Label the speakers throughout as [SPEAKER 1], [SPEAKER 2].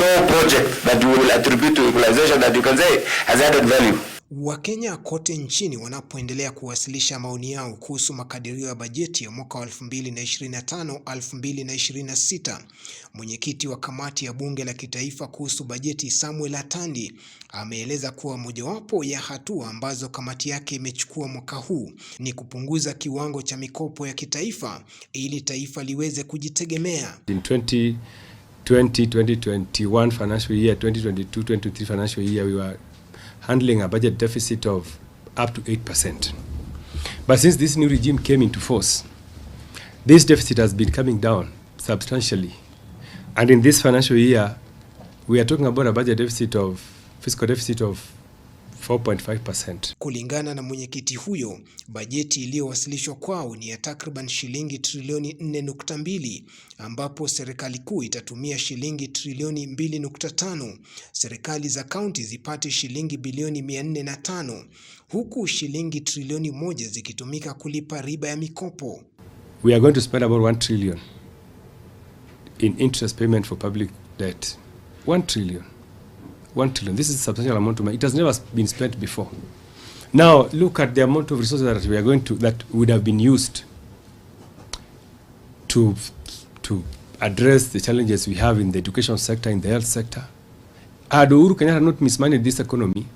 [SPEAKER 1] no project that you will attribute to equalization that you can say has added value.
[SPEAKER 2] Wakenya kote nchini wanapoendelea kuwasilisha maoni yao kuhusu makadirio ya bajeti ya mwaka 2025 2026, mwenyekiti wa kamati ya bunge la kitaifa kuhusu bajeti Samuel Atandi ameeleza kuwa mojawapo ya hatua ambazo kamati yake imechukua mwaka huu ni kupunguza kiwango cha mikopo ya kitaifa ili taifa liweze kujitegemea.
[SPEAKER 3] In 20, 2021 financial year, 2022, 23 financial year, we were handling a budget deficit of up to 8%. But since this new regime came into force, this deficit has been coming down substantially. And in this financial year, we are talking about a budget deficit of, fiscal deficit of 4.5%.
[SPEAKER 2] Kulingana na mwenyekiti huyo, bajeti iliyowasilishwa kwao ni ya takriban shilingi trilioni 4.2 ambapo serikali kuu itatumia shilingi trilioni 2.5, serikali za kaunti zipate shilingi bilioni 405 huku shilingi trilioni moja zikitumika kulipa riba ya mikopo.
[SPEAKER 3] We are going to spend about 1 trillion in interest payment for public debt. 1 trillion. 1 trillion. This is a substantial amount of money. It has never been spent before. Now, look at the amount of resources that we are going to, that would have been used to, to address the challenges we have in the education sector, in the health sector. Had Uhuru Kenyatta not mismanaged this economy,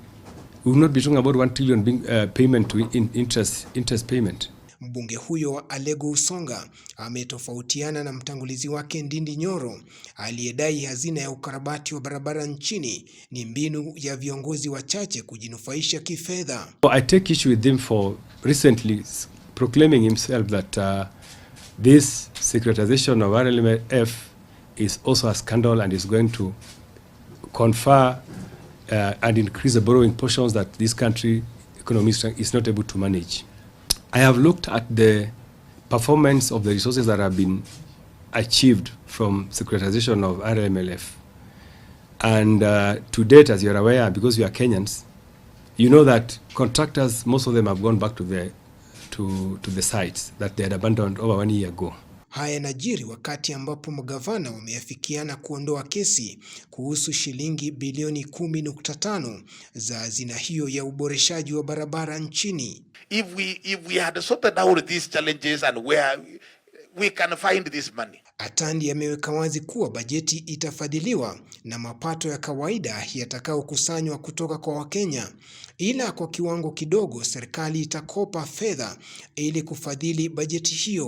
[SPEAKER 3] we would not be talking about 1 trillion being, uh, payment to in, interest, interest payment.
[SPEAKER 2] Mbunge huyo Alego Usonga ametofautiana na mtangulizi wake Ndindi Nyoro aliyedai hazina ya ukarabati wa barabara nchini ni mbinu ya viongozi wachache kujinufaisha kifedha.
[SPEAKER 3] So I take issue with him for recently proclaiming himself that uh, this secretization of RLMF is also a scandal and is going to confer uh, and increase the borrowing portions that this country economy is not able to manage. I have looked at the performance of the resources that have been achieved from securitization of RMLF. And uh, to date, as you're aware, because you are Kenyans, you know that contractors, most of them have gone back to the, to, to the sites that they had abandoned over one year ago.
[SPEAKER 2] Haya yanajiri wakati ambapo magavana wameafikiana kuondoa kesi kuhusu shilingi bilioni 10.5 za hazina hiyo ya uboreshaji wa barabara nchini.
[SPEAKER 4] If we, if we had sorted out these challenges and where we can find this money.
[SPEAKER 2] Atandi ameweka wazi kuwa bajeti itafadhiliwa na mapato ya kawaida yatakayokusanywa kutoka kwa Wakenya, ila kwa kiwango kidogo serikali itakopa fedha ili kufadhili bajeti hiyo.